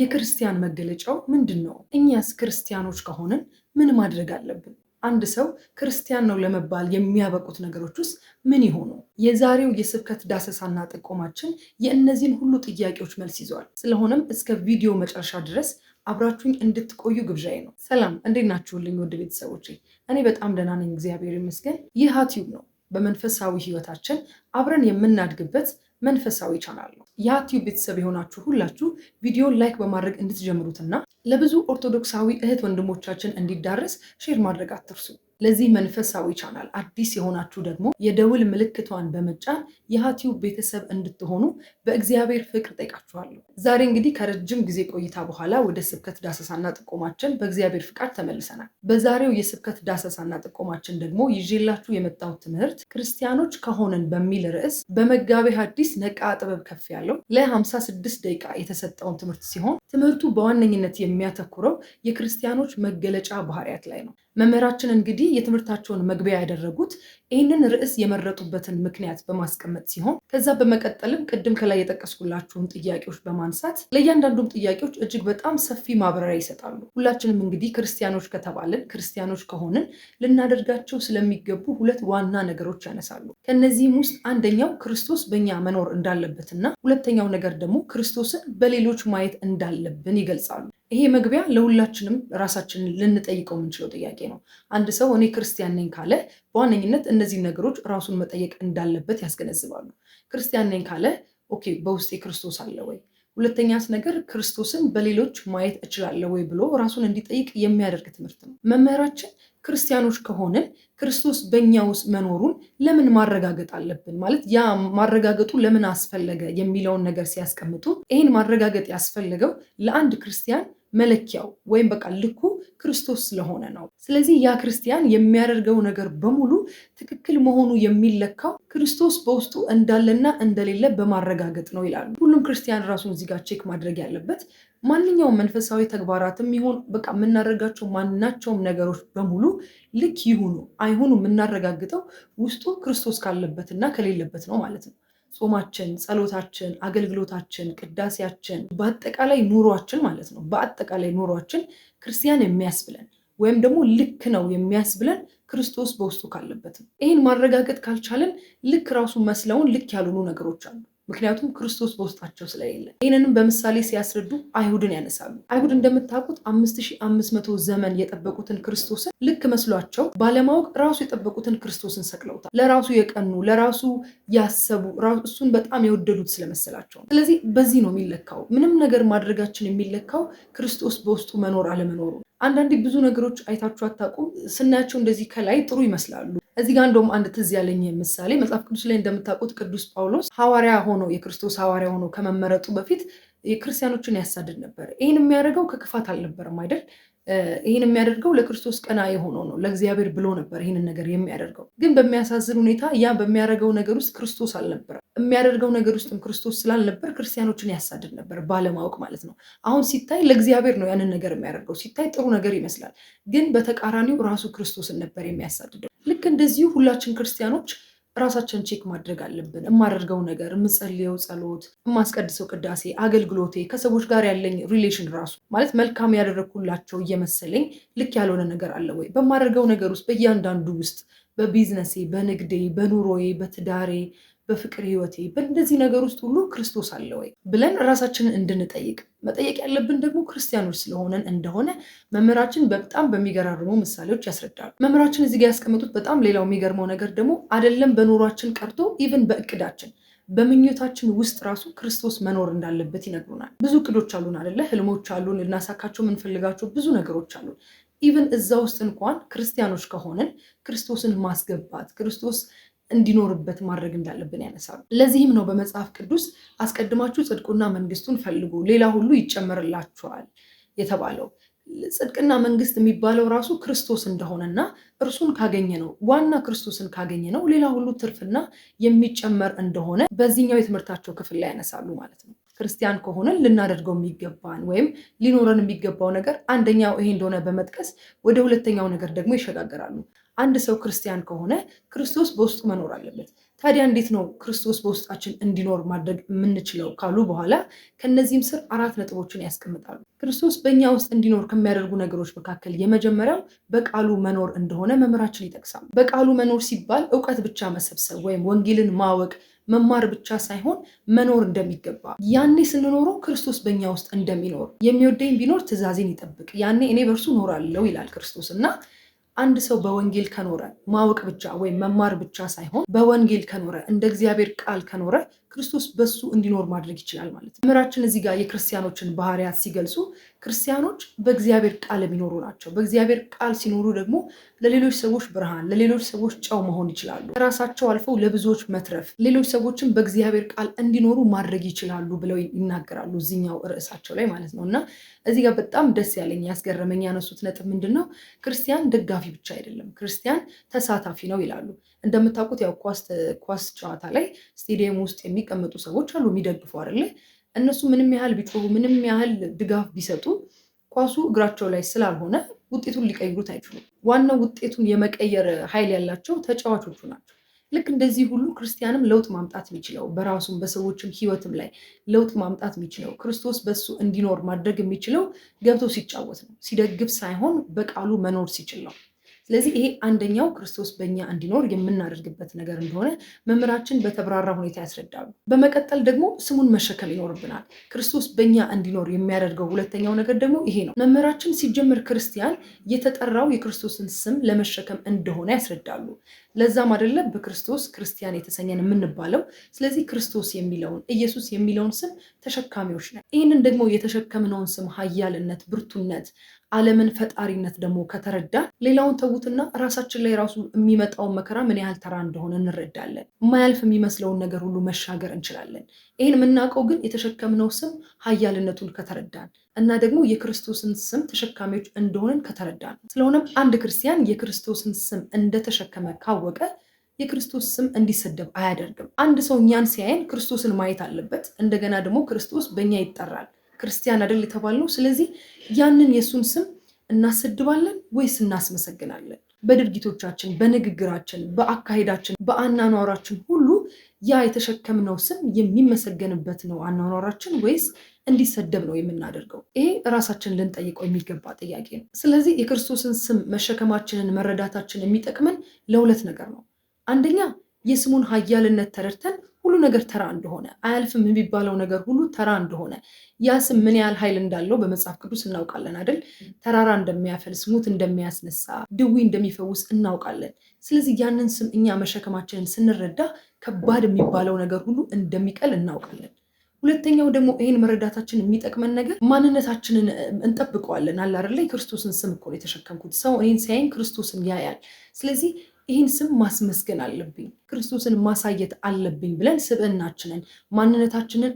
የክርስቲያን መገለጫው ምንድን ነው? እኛስ ክርስቲያኖች ከሆንን ምን ማድረግ አለብን? አንድ ሰው ክርስቲያን ነው ለመባል የሚያበቁት ነገሮች ውስጥ ምን ይሆኑ? የዛሬው የስብከት ዳሰሳና ጥቆማችን የእነዚህን ሁሉ ጥያቄዎች መልስ ይዘዋል። ስለሆነም እስከ ቪዲዮ መጨረሻ ድረስ አብራችሁኝ እንድትቆዩ ግብዣዬ ነው። ሰላም፣ እንዴት ናችሁልኝ ውድ ቤተሰቦች? እኔ በጣም ደህና ነኝ፣ እግዚአብሔር ይመስገን። ይህ ሀቲዩብ ነው። በመንፈሳዊ ህይወታችን አብረን የምናድግበት መንፈሳዊ ቻናል ነው። ቲዩብ ቤተሰብ የሆናችሁ ሁላችሁ ቪዲዮ ላይክ በማድረግ እንድትጀምሩትና ለብዙ ኦርቶዶክሳዊ እህት ወንድሞቻችን እንዲዳረስ ሼር ማድረግ አትርሱ። ለዚህ መንፈሳዊ ቻናል አዲስ የሆናችሁ ደግሞ የደውል ምልክቷን በመጫን የሃቲዩብ ቤተሰብ እንድትሆኑ በእግዚአብሔር ፍቅር ጠይቃችኋለሁ። ዛሬ እንግዲህ ከረጅም ጊዜ ቆይታ በኋላ ወደ ስብከት ዳሰሳና ጥቆማችን በእግዚአብሔር ፍቃድ ተመልሰናል። በዛሬው የስብከት ዳሰሳና ጥቆማችን ደግሞ ይዤላችሁ የመጣሁት ትምህርት ክርስቲያኖች ከሆነን በሚል ርዕስ በመጋቤ ሐዲስ ነቃ ጥበብ ከፍ ያለው ለ56 ደቂቃ የተሰጠውን ትምህርት ሲሆን ትምህርቱ በዋነኝነት የሚያተኩረው የክርስቲያኖች መገለጫ ባህሪያት ላይ ነው። መምህራችን እንግዲህ የትምህርታቸውን መግቢያ ያደረጉት ይህንን ርዕስ የመረጡበትን ምክንያት በማስቀመጥ ሲሆን ከዛ በመቀጠልም ቅድም ከላይ የጠቀስኩላችሁን ጥያቄዎች በማንሳት ለእያንዳንዱም ጥያቄዎች እጅግ በጣም ሰፊ ማብራሪያ ይሰጣሉ። ሁላችንም እንግዲህ ክርስቲያኖች ከተባልን ክርስቲያኖች ከሆንን ልናደርጋቸው ስለሚገቡ ሁለት ዋና ነገሮች ያነሳሉ። ከነዚህም ውስጥ አንደኛው ክርስቶስ በእኛ መኖር እንዳለበትና ሁለተኛው ነገር ደግሞ ክርስቶስን በሌሎች ማየት እንዳለብን ይገልጻሉ። ይሄ መግቢያ ለሁላችንም ራሳችንን ልንጠይቀው የምንችለው ጥያቄ ነው። አንድ ሰው እኔ ክርስቲያን ነኝ ካለ በዋነኝነት እነዚህ ነገሮች ራሱን መጠየቅ እንዳለበት ያስገነዝባሉ። ክርስቲያን ነኝ ካለ ኦኬ፣ በውስጤ ክርስቶስ አለ ወይ? ሁለተኛ ነገር ክርስቶስን በሌሎች ማየት እችላለሁ ወይ ብሎ ራሱን እንዲጠይቅ የሚያደርግ ትምህርት ነው። መምህራችን ክርስቲያኖች ከሆንን ክርስቶስ በእኛ ውስጥ መኖሩን ለምን ማረጋገጥ አለብን? ማለት ያ ማረጋገጡ ለምን አስፈለገ የሚለውን ነገር ሲያስቀምጡ ይህን ማረጋገጥ ያስፈለገው ለአንድ ክርስቲያን መለኪያው ወይም በቃ ልኩ ክርስቶስ ስለሆነ ነው። ስለዚህ ያ ክርስቲያን የሚያደርገው ነገር በሙሉ ትክክል መሆኑ የሚለካው ክርስቶስ በውስጡ እንዳለና እንደሌለ በማረጋገጥ ነው ይላሉ። ሁሉም ክርስቲያን ራሱን እዚህ ጋር ቼክ ማድረግ ያለበት ማንኛውም መንፈሳዊ ተግባራትም ይሁን በቃ የምናደርጋቸው ማናቸውም ነገሮች በሙሉ ልክ ይሁኑ አይሁኑ የምናረጋግጠው ውስጡ ክርስቶስ ካለበትና ከሌለበት ነው ማለት ነው። ጾማችን፣ ጸሎታችን፣ አገልግሎታችን፣ ቅዳሴያችን በአጠቃላይ ኑሯችን ማለት ነው። በአጠቃላይ ኑሯችን ክርስቲያን የሚያስብለን ወይም ደግሞ ልክ ነው የሚያስብለን ክርስቶስ በውስጡ ካለበት ነው። ይህን ማረጋገጥ ካልቻለን ልክ ራሱ መስለውን ልክ ያልሆኑ ነገሮች አሉ። ምክንያቱም ክርስቶስ በውስጣቸው ስለሌለ። ይህንንም በምሳሌ ሲያስረዱ አይሁድን ያነሳሉ። አይሁድ እንደምታውቁት አምስት ሺህ አምስት መቶ ዘመን የጠበቁትን ክርስቶስን ልክ መስሏቸው ባለማወቅ ራሱ የጠበቁትን ክርስቶስን ሰቅለውታል። ለራሱ የቀኑ ለራሱ ያሰቡ እሱን በጣም የወደዱት ስለመሰላቸው ነው። ስለዚህ በዚህ ነው የሚለካው። ምንም ነገር ማድረጋችን የሚለካው ክርስቶስ በውስጡ መኖር አለመኖሩ አንዳንዴ ብዙ ነገሮች አይታችሁ አታውቁም። ስናያቸው እንደዚህ ከላይ ጥሩ ይመስላሉ። እዚህ ጋር እንደውም አንድ ትዝ ያለኝ ምሳሌ መጽሐፍ ቅዱስ ላይ እንደምታውቁት ቅዱስ ጳውሎስ ሐዋርያ ሆኖ የክርስቶስ ሐዋርያ ሆኖ ከመመረጡ በፊት የክርስቲያኖችን ያሳድድ ነበር። ይህን የሚያደርገው ከክፋት አልነበረም አይደል? ይህን የሚያደርገው ለክርስቶስ ቀና የሆነው ነው፣ ለእግዚአብሔር ብሎ ነበር ይህንን ነገር የሚያደርገው። ግን በሚያሳዝን ሁኔታ ያ በሚያደርገው ነገር ውስጥ ክርስቶስ አልነበረ። የሚያደርገው ነገር ውስጥም ክርስቶስ ስላልነበር ክርስቲያኖችን ያሳድድ ነበር፣ ባለማወቅ ማለት ነው። አሁን ሲታይ ለእግዚአብሔር ነው ያንን ነገር የሚያደርገው፣ ሲታይ ጥሩ ነገር ይመስላል። ግን በተቃራኒው ራሱ ክርስቶስን ነበር የሚያሳድደው። ልክ እንደዚሁ ሁላችን ክርስቲያኖች ራሳችን ቼክ ማድረግ አለብን። የማደርገው ነገር፣ የምጸልየው ጸሎት፣ የማስቀድሰው ቅዳሴ፣ አገልግሎቴ፣ ከሰዎች ጋር ያለኝ ሪሌሽን ራሱ ማለት መልካም ያደረግኩላቸው እየመሰለኝ ልክ ያልሆነ ነገር አለ ወይ? በማደርገው ነገር ውስጥ በእያንዳንዱ ውስጥ በቢዝነሴ፣ በንግዴ፣ በኑሮዬ፣ በትዳሬ፣ በፍቅር ህይወቴ በእንደዚህ ነገር ውስጥ ሁሉ ክርስቶስ አለ ወይ ብለን ራሳችንን እንድንጠይቅ መጠየቅ ያለብን ደግሞ ክርስቲያኖች ስለሆነን እንደሆነ መምህራችን በጣም በሚገራርሙ ምሳሌዎች ያስረዳሉ። መምህራችን እዚህ ጋር ያስቀመጡት በጣም ሌላው የሚገርመው ነገር ደግሞ አይደለም በኖሯችን ቀርቶ ኢቨን በእቅዳችን በምኞታችን ውስጥ ራሱ ክርስቶስ መኖር እንዳለበት ይነግሩናል። ብዙ እቅዶች አሉን አይደለ? ህልሞች አሉን፣ ልናሳካቸው የምንፈልጋቸው ብዙ ነገሮች አሉን። ኢቨን እዛ ውስጥ እንኳን ክርስቲያኖች ከሆነን ክርስቶስን ማስገባት ክርስቶስ እንዲኖርበት ማድረግ እንዳለብን ያነሳሉ። ለዚህም ነው በመጽሐፍ ቅዱስ አስቀድማችሁ ጽድቁና መንግስቱን ፈልጉ ሌላ ሁሉ ይጨመርላችኋል የተባለው። ጽድቅና መንግስት የሚባለው ራሱ ክርስቶስ እንደሆነና እርሱን ካገኘ ነው ዋና ክርስቶስን ካገኘ ነው ሌላ ሁሉ ትርፍና የሚጨመር እንደሆነ በዚህኛው የትምህርታቸው ክፍል ላይ ያነሳሉ ማለት ነው። ክርስቲያን ከሆነን ልናደርገው የሚገባን ወይም ሊኖረን የሚገባው ነገር አንደኛው ይሄ እንደሆነ በመጥቀስ ወደ ሁለተኛው ነገር ደግሞ ይሸጋገራሉ። አንድ ሰው ክርስቲያን ከሆነ ክርስቶስ በውስጡ መኖር አለበት። ታዲያ እንዴት ነው ክርስቶስ በውስጣችን እንዲኖር ማድረግ የምንችለው ካሉ በኋላ ከነዚህም ስር አራት ነጥቦችን ያስቀምጣሉ። ክርስቶስ በእኛ ውስጥ እንዲኖር ከሚያደርጉ ነገሮች መካከል የመጀመሪያው በቃሉ መኖር እንደሆነ መምህራችን ይጠቅሳል። በቃሉ መኖር ሲባል እውቀት ብቻ መሰብሰብ ወይም ወንጌልን ማወቅ መማር ብቻ ሳይሆን መኖር እንደሚገባ ያኔ ስንኖረው ክርስቶስ በእኛ ውስጥ እንደሚኖር የሚወደኝ ቢኖር ትእዛዜን ይጠብቅ ያኔ እኔ በእርሱ እኖራለሁ ይላል ክርስቶስ እና አንድ ሰው በወንጌል ከኖረ ማወቅ ብቻ ወይም መማር ብቻ ሳይሆን በወንጌል ከኖረ እንደ እግዚአብሔር ቃል ከኖረ ክርስቶስ በሱ እንዲኖር ማድረግ ይችላል ማለት ነው። መምህራችን እዚህ ጋር የክርስቲያኖችን ባህሪያት ሲገልጹ ክርስቲያኖች በእግዚአብሔር ቃል የሚኖሩ ናቸው። በእግዚአብሔር ቃል ሲኖሩ ደግሞ ለሌሎች ሰዎች ብርሃን፣ ለሌሎች ሰዎች ጨው መሆን ይችላሉ። ከራሳቸው አልፈው ለብዙዎች መትረፍ፣ ሌሎች ሰዎችን በእግዚአብሔር ቃል እንዲኖሩ ማድረግ ይችላሉ ብለው ይናገራሉ እዚኛው ርዕሳቸው ላይ ማለት ነው። እና እዚህ ጋር በጣም ደስ ያለኝ ያስገረመኝ ያነሱት ነጥብ ምንድን ነው? ክርስቲያን ደጋፊ ብቻ አይደለም፣ ክርስቲያን ተሳታፊ ነው ይላሉ። እንደምታውቁት ያው ኳስ ጨዋታ ላይ ስቴዲየም ውስጥ የሚቀመጡ ሰዎች አሉ የሚደግፉ አይደለ? እነሱ ምንም ያህል ቢጮሁ ምንም ያህል ድጋፍ ቢሰጡ ኳሱ እግራቸው ላይ ስላልሆነ ውጤቱን ሊቀይሩት አይችሉም። ዋናው ውጤቱን የመቀየር ኃይል ያላቸው ተጫዋቾቹ ናቸው። ልክ እንደዚህ ሁሉ ክርስቲያንም ለውጥ ማምጣት የሚችለው በራሱም በሰዎችም ህይወትም ላይ ለውጥ ማምጣት የሚችለው ክርስቶስ በሱ እንዲኖር ማድረግ የሚችለው ገብቶ ሲጫወት ነው፣ ሲደግፍ ሳይሆን በቃሉ መኖር ሲችል ነው። ስለዚህ ይሄ አንደኛው ክርስቶስ በእኛ እንዲኖር የምናደርግበት ነገር እንደሆነ መምህራችን በተብራራ ሁኔታ ያስረዳሉ። በመቀጠል ደግሞ ስሙን መሸከም ይኖርብናል። ክርስቶስ በእኛ እንዲኖር የሚያደርገው ሁለተኛው ነገር ደግሞ ይሄ ነው። መምህራችን ሲጀምር ክርስቲያን የተጠራው የክርስቶስን ስም ለመሸከም እንደሆነ ያስረዳሉ። ለዛም አይደለም በክርስቶስ ክርስቲያን የተሰኘን የምንባለው። ስለዚህ ክርስቶስ የሚለውን ኢየሱስ የሚለውን ስም ተሸካሚዎች ነን። ይህንን ደግሞ የተሸከምነውን ስም ኃያልነት፣ ብርቱነት ዓለምን ፈጣሪነት ደግሞ ከተረዳ ሌላውን ተዉትና ራሳችን ላይ ራሱ የሚመጣውን መከራ ምን ያህል ተራ እንደሆነ እንረዳለን። የማያልፍ የሚመስለውን ነገር ሁሉ መሻገር እንችላለን። ይህን የምናውቀው ግን የተሸከምነው ስም ኃያልነቱን ከተረዳን እና ደግሞ የክርስቶስን ስም ተሸካሚዎች እንደሆንን ከተረዳን። ስለሆነም አንድ ክርስቲያን የክርስቶስን ስም እንደተሸከመ ካወቀ የክርስቶስ ስም እንዲሰደብ አያደርግም። አንድ ሰው እኛን ሲያየን ክርስቶስን ማየት አለበት። እንደገና ደግሞ ክርስቶስ በእኛ ይጠራል። ክርስቲያን አይደል የተባልነው። ስለዚህ ያንን የእሱን ስም እናሰድባለን ወይስ እናስመሰግናለን? በድርጊቶቻችን፣ በንግግራችን፣ በአካሄዳችን፣ በአናኗራችን ሁሉ ያ የተሸከምነው ስም የሚመሰገንበት ነው አናኗራችን ወይስ እንዲሰደብ ነው የምናደርገው? ይሄ ራሳችን ልንጠይቀው የሚገባ ጥያቄ ነው። ስለዚህ የክርስቶስን ስም መሸከማችንን መረዳታችን የሚጠቅመን ለሁለት ነገር ነው። አንደኛ የስሙን ኃያልነት ተረድተን ሁሉ ነገር ተራ እንደሆነ አያልፍም የሚባለው ነገር ሁሉ ተራ እንደሆነ ያ ስም ምን ያህል ኃይል እንዳለው በመጽሐፍ ቅዱስ እናውቃለን አይደል? ተራራ እንደሚያፈልስ፣ ሙት እንደሚያስነሳ፣ ድዊ እንደሚፈውስ እናውቃለን። ስለዚህ ያንን ስም እኛ መሸከማችንን ስንረዳ ከባድ የሚባለው ነገር ሁሉ እንደሚቀል እናውቃለን። ሁለተኛው ደግሞ ይህን መረዳታችን የሚጠቅመን ነገር ማንነታችንን እንጠብቀዋለን። አላርላይ ክርስቶስን ስም እኮ ነው የተሸከምኩት። ሰው እኔን ሲያይን ክርስቶስን ያያል። ስለዚህ ይህን ስም ማስመስገን አለብኝ፣ ክርስቶስን ማሳየት አለብኝ ብለን ስብዕናችንን ማንነታችንን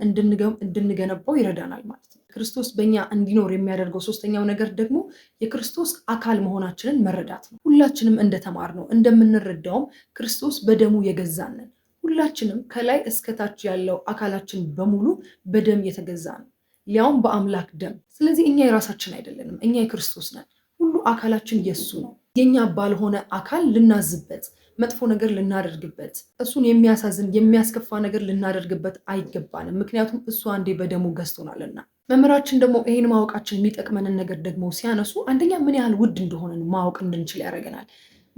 እንድንገነባው ይረዳናል ማለት ነው። ክርስቶስ በእኛ እንዲኖር የሚያደርገው ሶስተኛው ነገር ደግሞ የክርስቶስ አካል መሆናችንን መረዳት ነው። ሁላችንም እንደተማርነው እንደምንረዳውም ክርስቶስ በደሙ የገዛንን ሁላችንም ከላይ እስከታች ያለው አካላችን በሙሉ በደም የተገዛ ነው፣ ሊያውም በአምላክ ደም። ስለዚህ እኛ የራሳችን አይደለንም፣ እኛ የክርስቶስ ነን። ሁሉ አካላችን የሱ ነው። የኛ ባልሆነ አካል ልናዝበት፣ መጥፎ ነገር ልናደርግበት፣ እሱን የሚያሳዝን የሚያስከፋ ነገር ልናደርግበት አይገባንም። ምክንያቱም እሱ አንዴ በደሙ ገዝቶናልና። መምህራችን ደግሞ ይህን ማወቃችን የሚጠቅመንን ነገር ደግሞ ሲያነሱ አንደኛ ምን ያህል ውድ እንደሆነን ማወቅ እንድንችል ያደርገናል።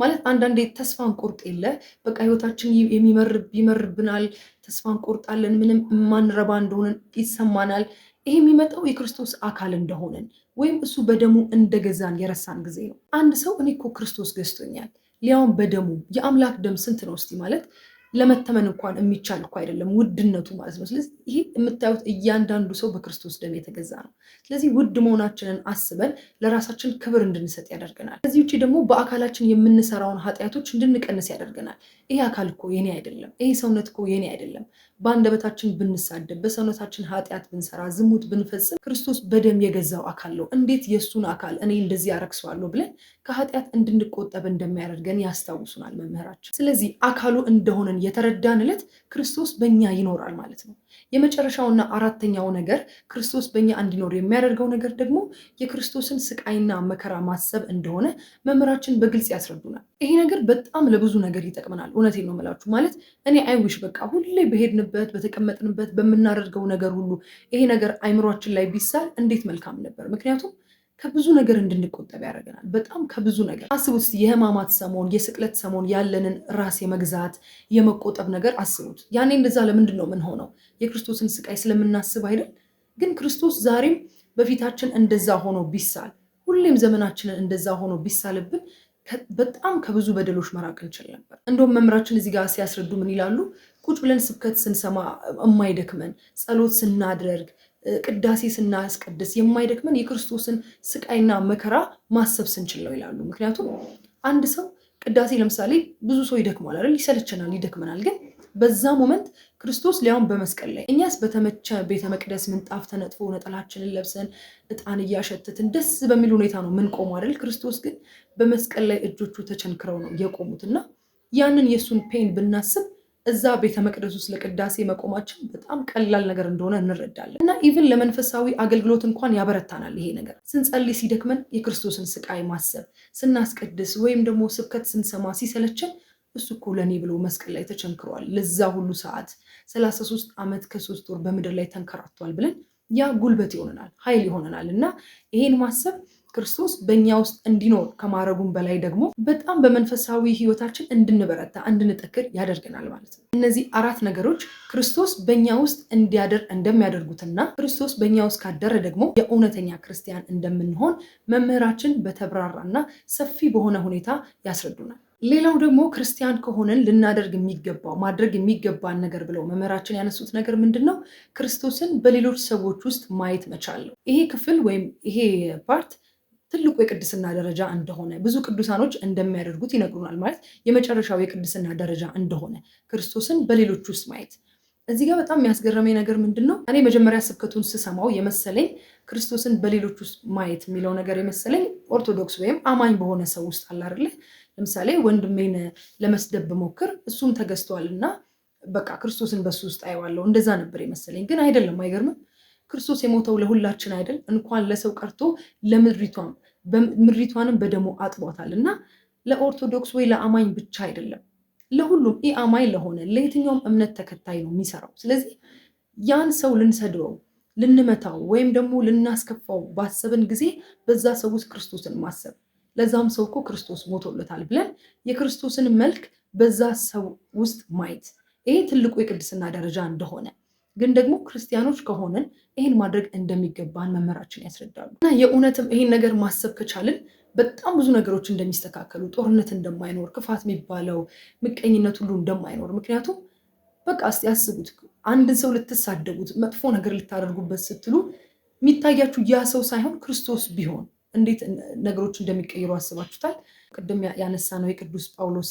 ማለት አንዳንዴ ተስፋን ቁርጥ የለ በቃ ህይወታችን የሚመርብ ይመርብናል፣ ተስፋን ቁርጣለን፣ ምንም የማንረባ እንደሆነን ይሰማናል። ይሄ የሚመጣው የክርስቶስ አካል እንደሆነን ወይም እሱ በደሙ እንደገዛን የረሳን ጊዜ ነው። አንድ ሰው እኔ እኮ ክርስቶስ ገዝቶኛል ሊያውም በደሙ የአምላክ ደም ስንት ነው እስቲ ማለት ለመተመን እንኳን የሚቻል እኮ አይደለም፣ ውድነቱ ማለት ነው። ስለዚህ ይሄ የምታዩት እያንዳንዱ ሰው በክርስቶስ ደም የተገዛ ነው። ስለዚህ ውድ መሆናችንን አስበን ለራሳችን ክብር እንድንሰጥ ያደርገናል። ከዚህ ውጭ ደግሞ በአካላችን የምንሰራውን ኃጢአቶች እንድንቀንስ ያደርገናል። ይሄ አካል እኮ የኔ አይደለም፣ ይሄ ሰውነት እኮ የኔ አይደለም፣ በአንደበታችን ብንሳደብ፣ በሰውነታችን ኃጢአት ብንሰራ፣ ዝሙት ብንፈጽም ክርስቶስ በደም የገዛው አካል ነው። እንዴት የእሱን አካል እኔ እንደዚህ አረክሰዋለሁ ብለን ከኃጢአት እንድንቆጠብ እንደሚያደርገን ያስታውሱናል መምህራችን። ስለዚህ አካሉ እንደሆነን የተረዳን ዕለት ክርስቶስ በእኛ ይኖራል ማለት ነው። የመጨረሻውና አራተኛው ነገር ክርስቶስ በእኛ እንዲኖር የሚያደርገው ነገር ደግሞ የክርስቶስን ስቃይና መከራ ማሰብ እንደሆነ መምህራችን በግልጽ ያስረዱናል። ይሄ ነገር በጣም ለብዙ ነገር ይጠቅመናል። እውነቴን ነው የምላችሁ። ማለት እኔ አይዊሽ በቃ ሁሌ በሄድንበት በተቀመጥንበት በምናደርገው ነገር ሁሉ ይሄ ነገር አይምሯችን ላይ ቢሳል እንዴት መልካም ነበር። ምክንያቱም ከብዙ ነገር እንድንቆጠብ ያደርገናል። በጣም ከብዙ ነገር አስቡት። የህማማት ሰሞን፣ የስቅለት ሰሞን ያለንን ራስ የመግዛት የመቆጠብ ነገር አስቡት። ያኔ እንደዛ ለምንድን ነው ምን ሆነው የክርስቶስን ስቃይ ስለምናስብ አይደል? ግን ክርስቶስ ዛሬም በፊታችን እንደዛ ሆኖ ቢሳል፣ ሁሌም ዘመናችንን እንደዛ ሆኖ ቢሳልብን በጣም ከብዙ በደሎች መራቅ እንችል ነበር። እንደውም መምህራችን እዚህ ጋር ሲያስረዱ ምን ይላሉ? ቁጭ ብለን ስብከት ስንሰማ እማይደክመን ጸሎት ስናደርግ ቅዳሴ ስናስቀድስ የማይደክመን የክርስቶስን ስቃይና መከራ ማሰብ ስንችል ነው ይላሉ። ምክንያቱም አንድ ሰው ቅዳሴ ለምሳሌ ብዙ ሰው ይደክማል አይደል? ይሰለቸናል፣ ይደክመናል። ግን በዛ ሞመንት ክርስቶስ ሊያውን በመስቀል ላይ እኛስ በተመቸ ቤተ መቅደስ ምንጣፍ ተነጥፎ ነጠላችንን ለብሰን እጣን እያሸተትን ደስ በሚል ሁኔታ ነው ምን አይደል? ክርስቶስ ግን በመስቀል ላይ እጆቹ ተቸንክረው ነው የቆሙት እና ያንን የእሱን ፔን ብናስብ እዛ ቤተ መቅደስ ውስጥ ለቅዳሴ መቆማችን በጣም ቀላል ነገር እንደሆነ እንረዳለን እና ኢቭን ለመንፈሳዊ አገልግሎት እንኳን ያበረታናል ይሄ ነገር። ስንጸልይ ሲደክመን የክርስቶስን ስቃይ ማሰብ፣ ስናስቀድስ ወይም ደግሞ ስብከት ስንሰማ ሲሰለችን እሱ እኮ ለእኔ ብሎ መስቀል ላይ ተቸንክሯል፣ ለዛ ሁሉ ሰዓት 33 ዓመት ከሶስት ወር በምድር ላይ ተንከራቷል ብለን ያ ጉልበት ይሆነናል፣ ኃይል ይሆነናል እና ይሄን ማሰብ ክርስቶስ በእኛ ውስጥ እንዲኖር ከማድረጉም በላይ ደግሞ በጣም በመንፈሳዊ ህይወታችን እንድንበረታ እንድንጠክር ያደርገናል ማለት ነው። እነዚህ አራት ነገሮች ክርስቶስ በእኛ ውስጥ እንዲያደር እንደሚያደርጉትና ክርስቶስ በእኛ ውስጥ ካደረ ደግሞ የእውነተኛ ክርስቲያን እንደምንሆን መምህራችን በተብራራና ሰፊ በሆነ ሁኔታ ያስረዱናል። ሌላው ደግሞ ክርስቲያን ከሆነን ልናደርግ የሚገባው ማድረግ የሚገባን ነገር ብለው መምህራችን ያነሱት ነገር ምንድን ነው? ክርስቶስን በሌሎች ሰዎች ውስጥ ማየት መቻል ይሄ ክፍል ወይም ይሄ ፓርት ትልቁ የቅድስና ደረጃ እንደሆነ ብዙ ቅዱሳኖች እንደሚያደርጉት ይነግሩናል። ማለት የመጨረሻው የቅድስና ደረጃ እንደሆነ ክርስቶስን በሌሎች ውስጥ ማየት እዚህ ጋር በጣም የሚያስገረመኝ ነገር ምንድን ነው? እኔ መጀመሪያ ስብከቱን ስሰማው የመሰለኝ ክርስቶስን በሌሎች ውስጥ ማየት የሚለው ነገር የመሰለኝ ኦርቶዶክስ ወይም አማኝ በሆነ ሰው ውስጥ አላርለ ለምሳሌ ወንድሜን ለመስደብ ብሞክር እሱም ተገዝቷል እና በቃ ክርስቶስን በሱ ውስጥ አየዋለሁ እንደዛ ነበር የመሰለኝ። ግን አይደለም። አይገርምም? ክርስቶስ የሞተው ለሁላችን አይደል? እንኳን ለሰው ቀርቶ ለምድሪቷም ምድሪቷንም በደሞ አጥቧታል እና ለኦርቶዶክስ ወይ ለአማኝ ብቻ አይደለም፣ ለሁሉም ይህ አማኝ ለሆነ ለየትኛውም እምነት ተከታይ ነው የሚሰራው። ስለዚህ ያን ሰው ልንሰድበው፣ ልንመታው ወይም ደግሞ ልናስከፋው ባሰብን ጊዜ በዛ ሰው ውስጥ ክርስቶስን ማሰብ ለዛም ሰው እኮ ክርስቶስ ሞቶለታል ብለን የክርስቶስን መልክ በዛ ሰው ውስጥ ማየት ይሄ ትልቁ የቅድስና ደረጃ እንደሆነ ግን ደግሞ ክርስቲያኖች ከሆንን ይህን ማድረግ እንደሚገባን መመራችን ያስረዳሉ። እና የእውነትም ይህን ነገር ማሰብ ከቻልን በጣም ብዙ ነገሮች እንደሚስተካከሉ፣ ጦርነት እንደማይኖር፣ ክፋት የሚባለው ምቀኝነት ሁሉ እንደማይኖር። ምክንያቱም በቃ እስኪ ያስቡት አንድን ሰው ልትሳደቡት፣ መጥፎ ነገር ልታደርጉበት ስትሉ የሚታያችሁ ያ ሰው ሳይሆን ክርስቶስ ቢሆን እንዴት ነገሮች እንደሚቀይሩ አስባችሁታል? ቅድም ያነሳ ነው የቅዱስ ጳውሎስ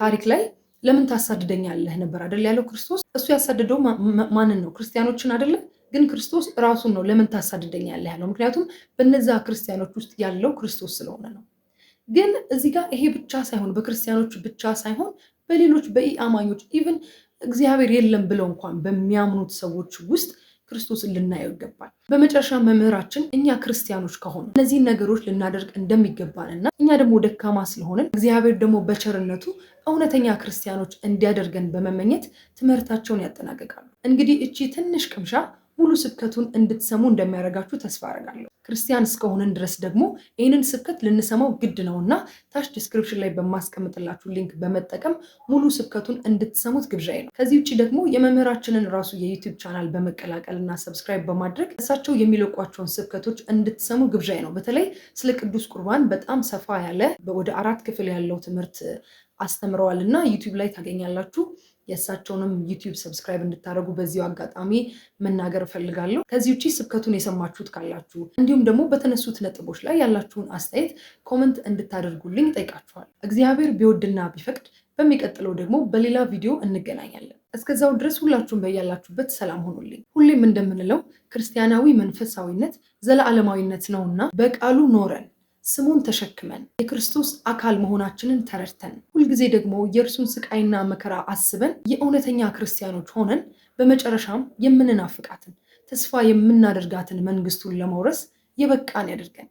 ታሪክ ላይ ለምን ታሳድደኛለህ ነበር አደል ያለው ክርስቶስ። እሱ ያሳድደው ማንን ነው? ክርስቲያኖችን አይደለም። ግን ክርስቶስ ራሱን ነው ለምን ታሳድደኛለህ ያለው። ምክንያቱም በነዛ ክርስቲያኖች ውስጥ ያለው ክርስቶስ ስለሆነ ነው። ግን እዚህ ጋር ይሄ ብቻ ሳይሆን በክርስቲያኖች ብቻ ሳይሆን በሌሎች በኢአማኞች ኢቭን እግዚአብሔር የለም ብለው እንኳን በሚያምኑት ሰዎች ውስጥ ክርስቶስን ልናየው ይገባል። በመጨረሻ መምህራችን እኛ ክርስቲያኖች ከሆኑ እነዚህን ነገሮች ልናደርግ እንደሚገባን እና እኛ ደግሞ ደካማ ስለሆንን እግዚአብሔር ደግሞ በቸርነቱ እውነተኛ ክርስቲያኖች እንዲያደርገን በመመኘት ትምህርታቸውን ያጠናቀቃሉ። እንግዲህ እቺ ትንሽ ቅምሻ ሙሉ ስብከቱን እንድትሰሙ እንደሚያደርጋችሁ ተስፋ አደርጋለሁ። ክርስቲያን እስከሆንን ድረስ ደግሞ ይህንን ስብከት ልንሰማው ግድ ነው እና ታች ዲስክሪፕሽን ላይ በማስቀምጥላችሁ ሊንክ በመጠቀም ሙሉ ስብከቱን እንድትሰሙት ግብዣዬ ነው። ከዚህ ውጭ ደግሞ የመምህራችንን ራሱ የዩቲዩብ ቻናል በመቀላቀል እና ሰብስክራይብ በማድረግ እሳቸው የሚለቋቸውን ስብከቶች እንድትሰሙ ግብዣዬ ነው። በተለይ ስለ ቅዱስ ቁርባን በጣም ሰፋ ያለ ወደ አራት ክፍል ያለው ትምህርት አስተምረዋል እና ዩቲዩብ ላይ ታገኛላችሁ። የእሳቸውንም ዩቲዩብ ሰብስክራይብ እንድታደርጉ በዚሁ አጋጣሚ መናገር እፈልጋለሁ። ከዚህ ውጭ ስብከቱን የሰማችሁት ካላችሁ እንዲሁም ደግሞ በተነሱት ነጥቦች ላይ ያላችሁን አስተያየት ኮመንት እንድታደርጉልኝ ጠይቃችኋል። እግዚአብሔር ቢወድና ቢፈቅድ በሚቀጥለው ደግሞ በሌላ ቪዲዮ እንገናኛለን። እስከዛው ድረስ ሁላችሁም በያላችሁበት ሰላም ሆኖልኝ። ሁሌም እንደምንለው ክርስቲያናዊ መንፈሳዊነት ዘለዓለማዊነት ነውና በቃሉ ኖረን ስሙን ተሸክመን የክርስቶስ አካል መሆናችንን ተረድተን ሁልጊዜ ደግሞ የእርሱን ስቃይና መከራ አስበን የእውነተኛ ክርስቲያኖች ሆነን በመጨረሻም የምንናፍቃትን ተስፋ የምናደርጋትን መንግስቱን ለመውረስ የበቃን ያደርገን።